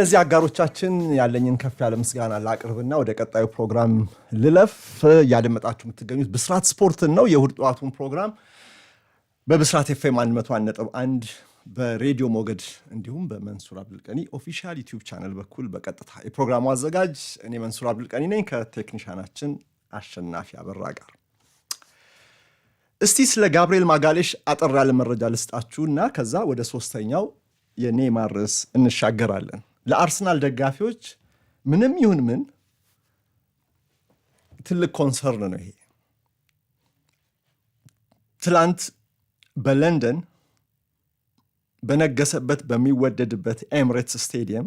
እነዚህ አጋሮቻችን ያለኝን ከፍ ያለ ምስጋና ላቅርብና ወደ ቀጣዩ ፕሮግራም ልለፍ። እያደመጣችሁ የምትገኙት ብስራት ስፖርትን ነው። የእሁድ ጠዋቱን ፕሮግራም በብስራት ኤፍ ነጥብ አንድ በሬዲዮ ሞገድ እንዲሁም በመንሱር አብዱልቀኒ ኦፊሻል ዩቲዩብ ቻነል በኩል በቀጥታ የፕሮግራሙ አዘጋጅ እኔ መንሱር አብዱልቀኒ ነኝ ከቴክኒሻናችን አሸናፊ አበራ ጋር። እስቲ ስለ ጋብርኤል ማጋሌሽ አጠር ያለ መረጃ ልስጣችሁ እና ከዛ ወደ ሶስተኛው የኔማር ርዕስ እንሻገራለን። ለአርሰናል ደጋፊዎች ምንም ይሁን ምን ትልቅ ኮንሰርን ነው ይሄ። ትላንት በለንደን በነገሰበት በሚወደድበት ኤምሬትስ ስቴዲየም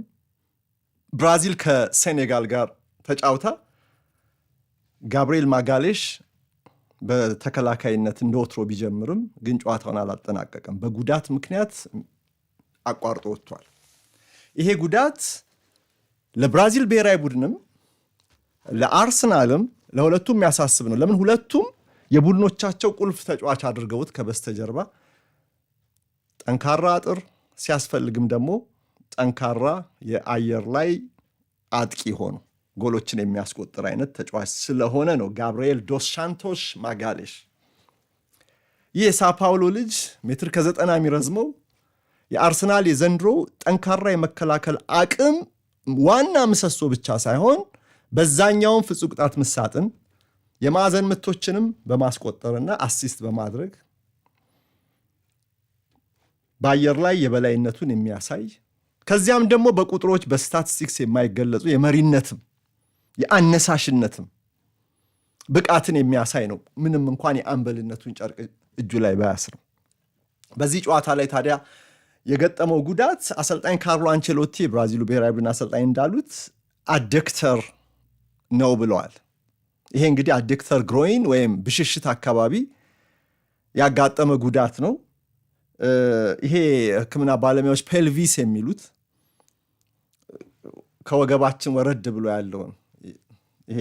ብራዚል ከሴኔጋል ጋር ተጫውታ ጋብሪኤል ማጋሌሽ በተከላካይነት እንደ ወትሮ ቢጀምርም ግን ጨዋታውን አላጠናቀቀም። በጉዳት ምክንያት አቋርጦ ወጥቷል። ይሄ ጉዳት ለብራዚል ብሔራዊ ቡድንም ለአርሰናልም ለሁለቱም የሚያሳስብ ነው። ለምን ሁለቱም የቡድኖቻቸው ቁልፍ ተጫዋች አድርገውት ከበስተጀርባ ጠንካራ አጥር ሲያስፈልግም ደግሞ ጠንካራ የአየር ላይ አጥቂ ሆኑ ጎሎችን የሚያስቆጥር አይነት ተጫዋች ስለሆነ ነው። ጋብርኤል ዶስ ማጋሌሽ ይህ የሳፓውሎ ልጅ ሜትር ከዘጠና የሚረዝመው የአርሰናል የዘንድሮ ጠንካራ የመከላከል አቅም ዋና ምሰሶ ብቻ ሳይሆን በዛኛውን ፍጹም ቅጣት ምሳጥን የማዕዘን ምቶችንም በማስቆጠርና አሲስት በማድረግ በአየር ላይ የበላይነቱን የሚያሳይ ከዚያም ደግሞ በቁጥሮች በስታቲስቲክስ የማይገለጹ የመሪነትም የአነሳሽነትም ብቃትን የሚያሳይ ነው። ምንም እንኳን የአምበልነቱን ጨርቅ እጁ ላይ ባያስ ነው። በዚህ ጨዋታ ላይ ታዲያ የገጠመው ጉዳት አሰልጣኝ ካርሎ አንቸሎቲ የብራዚሉ ብሔራዊ ቡድን አሰልጣኝ እንዳሉት አደክተር ነው ብለዋል። ይሄ እንግዲህ አደክተር ግሮይን ወይም ብሽሽት አካባቢ ያጋጠመ ጉዳት ነው። ይሄ ሕክምና ባለሙያዎች ፔልቪስ የሚሉት ከወገባችን ወረድ ብሎ ያለውን ይሄ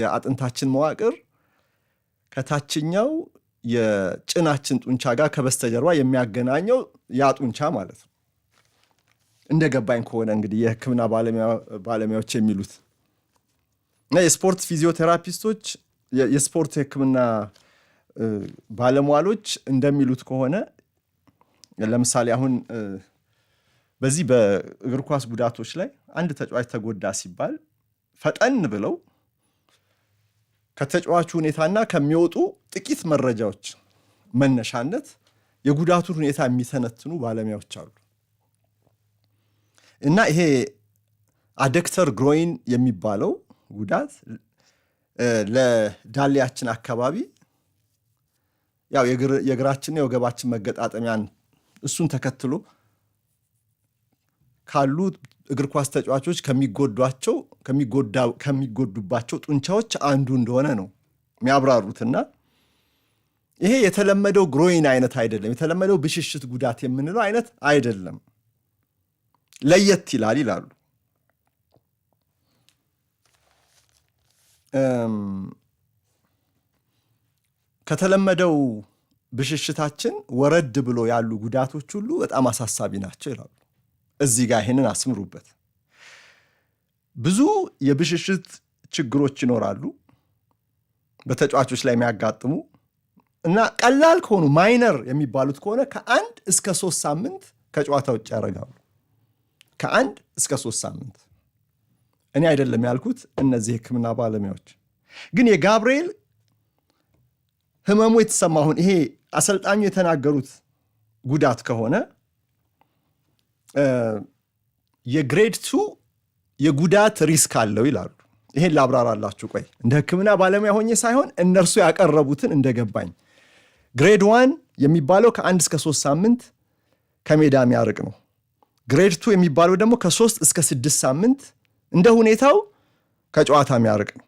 የአጥንታችን መዋቅር ከታችኛው የጭናችን ጡንቻ ጋር ከበስተጀርባ የሚያገናኘው ያ ጡንቻ ማለት ነው። እንደገባኝ ከሆነ እንግዲህ የሕክምና ባለሙያዎች የሚሉት እና የስፖርት ፊዚዮቴራፒስቶች፣ የስፖርት የሕክምና ባለሟሎች እንደሚሉት ከሆነ ለምሳሌ አሁን በዚህ በእግር ኳስ ጉዳቶች ላይ አንድ ተጫዋች ተጎዳ ሲባል ፈጠን ብለው ከተጫዋቹ ሁኔታና ከሚወጡ ጥቂት መረጃዎች መነሻነት የጉዳቱን ሁኔታ የሚተነትኑ ባለሙያዎች አሉ እና ይሄ አደክተር ግሮይን የሚባለው ጉዳት ለዳሌያችን አካባቢ ያው የግራችንና የወገባችን መገጣጠሚያን እሱን ተከትሎ ካሉ እግር ኳስ ተጫዋቾች ከሚጎዷቸው ከሚጎዱባቸው ጡንቻዎች አንዱ እንደሆነ ነው የሚያብራሩትና ይሄ የተለመደው ግሮይን አይነት አይደለም። የተለመደው ብሽሽት ጉዳት የምንለው አይነት አይደለም። ለየት ይላል ይላሉ። ከተለመደው ብሽሽታችን ወረድ ብሎ ያሉ ጉዳቶች ሁሉ በጣም አሳሳቢ ናቸው ይላሉ። እዚህ ጋር ይሄንን አስምሩበት። ብዙ የብሽሽት ችግሮች ይኖራሉ በተጫዋቾች ላይ የሚያጋጥሙ እና ቀላል ከሆኑ ማይነር የሚባሉት ከሆነ ከአንድ እስከ ሶስት ሳምንት ከጨዋታ ውጭ ያደርጋሉ። ከአንድ እስከ ሶስት ሳምንት እኔ አይደለም ያልኩት፣ እነዚህ ህክምና ባለሙያዎች ግን የጋብርኤል ህመሙ የተሰማሁን ይሄ አሰልጣኙ የተናገሩት ጉዳት ከሆነ የግሬድ ቱ የጉዳት ሪስክ አለው ይላሉ። ይሄን ላብራራላችሁ። ቆይ እንደ ህክምና ባለሙያ ሆኜ ሳይሆን እነርሱ ያቀረቡትን እንደገባኝ። ግሬድ ዋን የሚባለው ከአንድ እስከ ሶስት ሳምንት ከሜዳ የሚያርቅ ነው። ግሬድ ቱ የሚባለው ደግሞ ከሶስት እስከ ስድስት ሳምንት እንደ ሁኔታው ከጨዋታ የሚያርቅ ነው።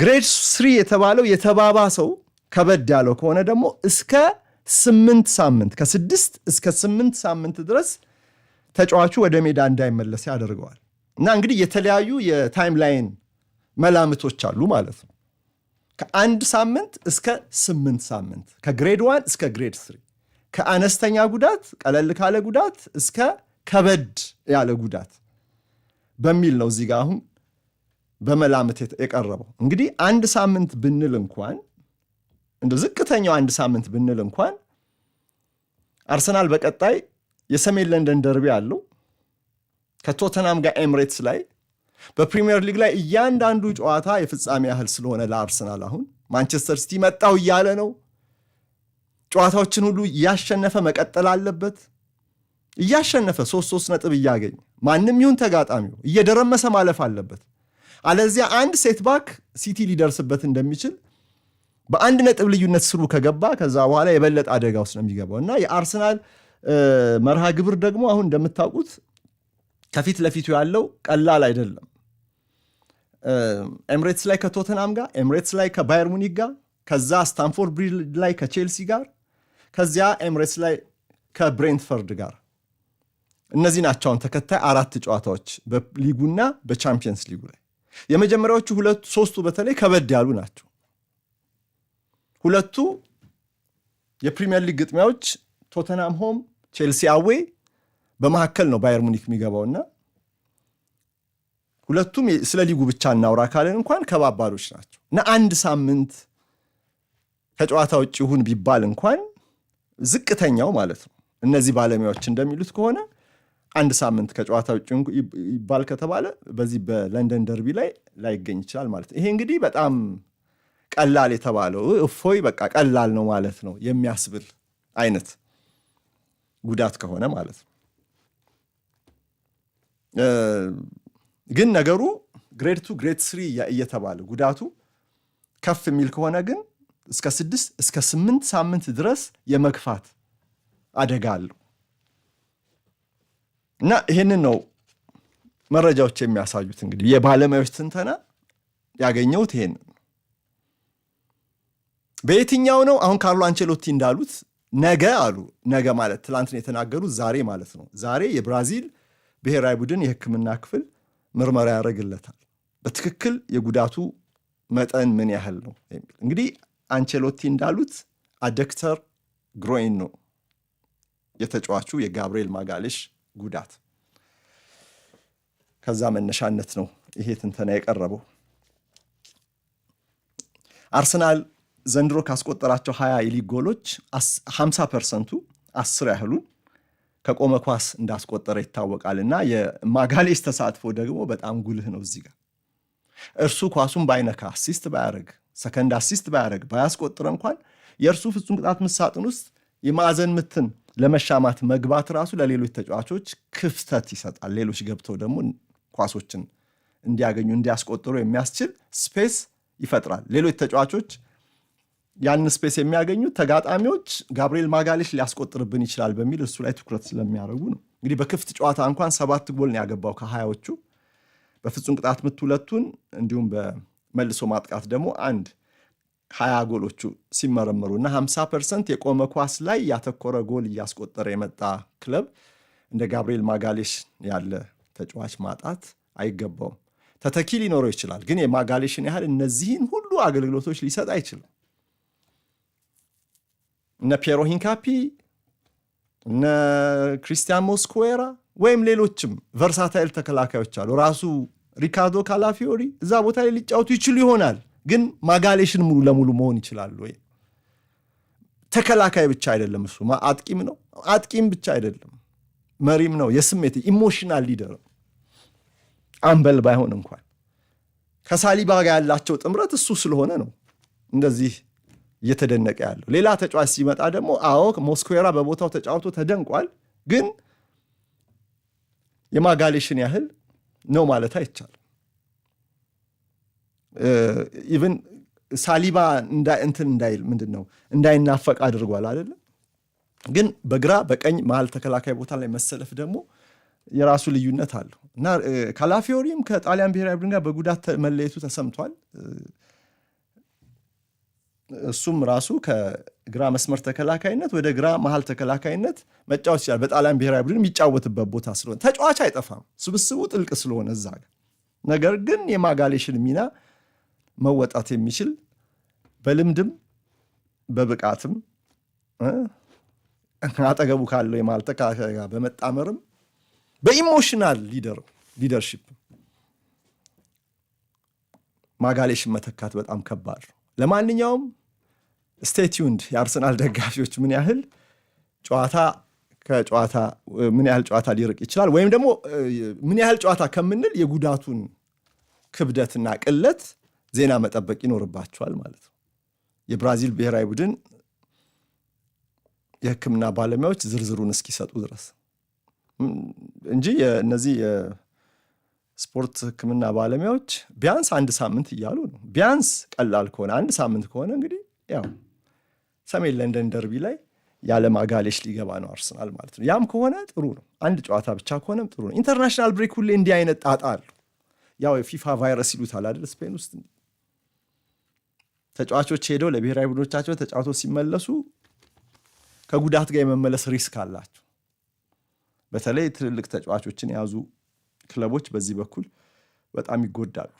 ግሬድ ስሪ የተባለው የተባባሰው ከበድ ያለው ከሆነ ደግሞ እስከ ስምንት ሳምንት ከስድስት እስከ ስምንት ሳምንት ድረስ ተጫዋቹ ወደ ሜዳ እንዳይመለስ ያደርገዋል። እና እንግዲህ የተለያዩ የታይም ላይን መላምቶች አሉ ማለት ነው። ከአንድ ሳምንት እስከ ስምንት ሳምንት፣ ከግሬድ ዋን እስከ ግሬድ ስሪ፣ ከአነስተኛ ጉዳት ቀለል ካለ ጉዳት እስከ ከበድ ያለ ጉዳት በሚል ነው እዚህ ጋር አሁን በመላምት የቀረበው። እንግዲህ አንድ ሳምንት ብንል እንኳን እንደ ዝቅተኛው አንድ ሳምንት ብንል እንኳን አርሰናል በቀጣይ የሰሜን ለንደን ደርቢ አለው ከቶተናም ጋር ኤምሬትስ ላይ በፕሪሚየር ሊግ ላይ እያንዳንዱ ጨዋታ የፍጻሜ ያህል ስለሆነ ለአርሰናል አሁን ማንቸስተር ሲቲ መጣው እያለ ነው። ጨዋታዎችን ሁሉ እያሸነፈ መቀጠል አለበት። እያሸነፈ ሶስት ሶስት ነጥብ እያገኝ ማንም ይሁን ተጋጣሚው እየደረመሰ ማለፍ አለበት። አለዚያ አንድ ሴት ባክ ሲቲ ሊደርስበት እንደሚችል በአንድ ነጥብ ልዩነት ስሩ ከገባ ከዛ በኋላ የበለጠ አደጋ ውስጥ ነው የሚገባው እና የአርሰናል መርሃ ግብር ደግሞ አሁን እንደምታውቁት ከፊት ለፊቱ ያለው ቀላል አይደለም። ኤምሬትስ ላይ ከቶተናም ጋር፣ ኤምሬትስ ላይ ከባየር ሙኒክ ጋር፣ ከዛ ስታንፎርድ ብሪድ ላይ ከቼልሲ ጋር፣ ከዚያ ኤምሬትስ ላይ ከብሬንትፈርድ ጋር እነዚህ ናቸው አሁን ተከታይ አራት ጨዋታዎች በሊጉና በቻምፒየንስ ሊጉ ላይ። የመጀመሪያዎቹ ሁለቱ ሶስቱ በተለይ ከበድ ያሉ ናቸው። ሁለቱ የፕሪሚየር ሊግ ግጥሚያዎች ቶተናም ሆም ቼልሲ አዌ በመካከል ነው ባየር ሙኒክ የሚገባውና ሁለቱም ስለ ሊጉ ብቻ እናውራ ካለን እንኳን ከባባዶች ናቸው እና አንድ ሳምንት ከጨዋታ ውጭ ይሁን ቢባል እንኳን ዝቅተኛው ማለት ነው። እነዚህ ባለሙያዎች እንደሚሉት ከሆነ አንድ ሳምንት ከጨዋታ ውጭ ይባል ከተባለ በዚህ በለንደን ደርቢ ላይ ላይገኝ ይችላል ማለት ነው። ይሄ እንግዲህ በጣም ቀላል የተባለው እፎይ በቃ ቀላል ነው ማለት ነው የሚያስብል አይነት ጉዳት ከሆነ ማለት ነው። ግን ነገሩ ግሬድ ቱ ግሬድ ስሪ እየተባለ ጉዳቱ ከፍ የሚል ከሆነ ግን እስከ ስድስት እስከ ስምንት ሳምንት ድረስ የመግፋት አደጋ አለው እና ይህንን ነው መረጃዎች የሚያሳዩት። እንግዲህ የባለሙያዎች ትንተና ያገኘሁት ይሄንን በየትኛው ነው አሁን ካርሎ አንቸሎቲ እንዳሉት ነገ አሉ ነገ ማለት ትላንትን የተናገሩት ዛሬ ማለት ነው። ዛሬ የብራዚል ብሔራዊ ቡድን የሕክምና ክፍል ምርመራ ያደርግለታል። በትክክል የጉዳቱ መጠን ምን ያህል ነው የሚል እንግዲህ አንቸሎቲ እንዳሉት አደክተር ግሮይን ነው የተጫዋቹ የጋብርኤል ማጋሌሽ ጉዳት። ከዛ መነሻነት ነው ይሄ ትንተና የቀረበው አርሰናል ዘንድሮ ካስቆጠራቸው ሀያ የሊግ ጎሎች ፐርሰንቱ አስር ያህሉን ከቆመ ኳስ እንዳስቆጠረ ይታወቃል። እና የማጋሌስ ተሳትፎ ደግሞ በጣም ጉልህ ነው። እዚህ ጋር እርሱ ኳሱን ባይነካ አሲስት ባያደረግ ሰከንድ አሲስት ባያደረግ ባያስቆጥረ እንኳን የእርሱ ፍጹም ቅጣት ምት ሳጥን ውስጥ የማዕዘን ምትን ለመሻማት መግባት ራሱ ለሌሎች ተጫዋቾች ክፍተት ይሰጣል። ሌሎች ገብተው ደግሞ ኳሶችን እንዲያገኙ እንዲያስቆጥሩ የሚያስችል ስፔስ ይፈጥራል። ሌሎች ተጫዋቾች ያን ስፔስ የሚያገኙት ተጋጣሚዎች ጋብሪኤል ማጋሌሽ ሊያስቆጥርብን ይችላል በሚል እሱ ላይ ትኩረት ስለሚያደርጉ ነው። እንግዲህ በክፍት ጨዋታ እንኳን ሰባት ጎል ነው ያገባው ከሀያዎቹ በፍጹም ቅጣት ምት ሁለቱን እንዲሁም በመልሶ ማጥቃት ደግሞ አንድ። ሀያ ጎሎቹ ሲመረመሩ እና ሀምሳ ፐርሰንት የቆመ ኳስ ላይ ያተኮረ ጎል እያስቆጠረ የመጣ ክለብ እንደ ጋብሪኤል ማጋሌሽ ያለ ተጫዋች ማጣት አይገባውም። ተተኪ ሊኖረው ይችላል፣ ግን የማጋሌሽን ያህል እነዚህን ሁሉ አገልግሎቶች ሊሰጥ አይችልም። እነ ፔሮ ሂንካፒ፣ እነ ክሪስቲያን ሞስኩዌራ ወይም ሌሎችም ቨርሳታይል ተከላካዮች አሉ። ራሱ ሪካርዶ ካላፊዮሪ እዛ ቦታ ላይ ሊጫወቱ ይችሉ ይሆናል፣ ግን ማጋሌሽን ሙሉ ለሙሉ መሆን ይችላሉ ወይ? ተከላካይ ብቻ አይደለም እሱ አጥቂም ነው። አጥቂም ብቻ አይደለም መሪም ነው። የስሜት ኢሞሽናል ሊደር አምበል ባይሆን እንኳን ከሳሊባ ጋር ያላቸው ጥምረት እሱ ስለሆነ ነው እንደዚህ እየተደነቀ ያለው። ሌላ ተጫዋች ሲመጣ ደግሞ አዎ ሞስኩዌራ በቦታው ተጫውቶ ተደንቋል፣ ግን የማጋሌሽን ያህል ነው ማለት አይቻልም። ኢቨን ሳሊባ እንትን እንዳይል ምንድን ነው እንዳይናፈቅ አድርጓል አይደለም። ግን በግራ በቀኝ መሀል ተከላካይ ቦታ ላይ መሰለፍ ደግሞ የራሱ ልዩነት አለው እና ካላፊዮሪም ከጣሊያን ብሔራዊ ቡድን ጋር በጉዳት መለየቱ ተሰምቷል። እሱም ራሱ ከግራ መስመር ተከላካይነት ወደ ግራ መሀል ተከላካይነት መጫወት ይችላል። በጣሊያን ብሔራዊ ቡድን የሚጫወትበት ቦታ ስለሆነ ተጫዋች አይጠፋም፣ ስብስቡ ጥልቅ ስለሆነ እዛ ጋር ነገር ግን የማጋሌሽን ሚና መወጣት የሚችል በልምድም በብቃትም አጠገቡ ካለው የመሀል ተከላካይ ጋር በመጣመርም በኢሞሽናል ሊደርሺፕ ማጋሌሽን መተካት በጣም ከባድ ነው። ለማንኛውም ስቴቲዩንድ የአርሰናል ደጋፊዎች ምን ያህል ጨዋታ ከጨዋታ ምን ያህል ጨዋታ ሊርቅ ይችላል ወይም ደግሞ ምን ያህል ጨዋታ ከምንል የጉዳቱን ክብደትና ቅለት ዜና መጠበቅ ይኖርባቸዋል ማለት ነው። የብራዚል ብሔራዊ ቡድን የሕክምና ባለሙያዎች ዝርዝሩን እስኪሰጡ ድረስ እንጂ እነዚህ ስፖርት ህክምና ባለሙያዎች ቢያንስ አንድ ሳምንት እያሉ ነው። ቢያንስ ቀላል ከሆነ አንድ ሳምንት ከሆነ እንግዲህ ያው ሰሜን ለንደን ደርቢ ላይ ያለ ማጋሌሽ ሊገባ ነው አርሰናል ማለት ነው። ያም ከሆነ ጥሩ ነው። አንድ ጨዋታ ብቻ ከሆነም ጥሩ ነው። ኢንተርናሽናል ብሬክ ሁሌ እንዲህ አይነት ጣጣ አሉ። ያው የፊፋ ቫይረስ ይሉታል አይደል? ስፔን ውስጥ ተጫዋቾች ሄደው ለብሔራዊ ቡድኖቻቸው ተጫውቶ ሲመለሱ ከጉዳት ጋር የመመለስ ሪስክ አላቸው። በተለይ ትልልቅ ተጫዋቾችን የያዙ ክለቦች በዚህ በኩል በጣም ይጎዳሉ።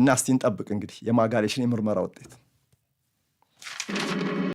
እና እስቲ እንጠብቅ እንግዲህ የማጋሌሽን የምርመራ ውጤት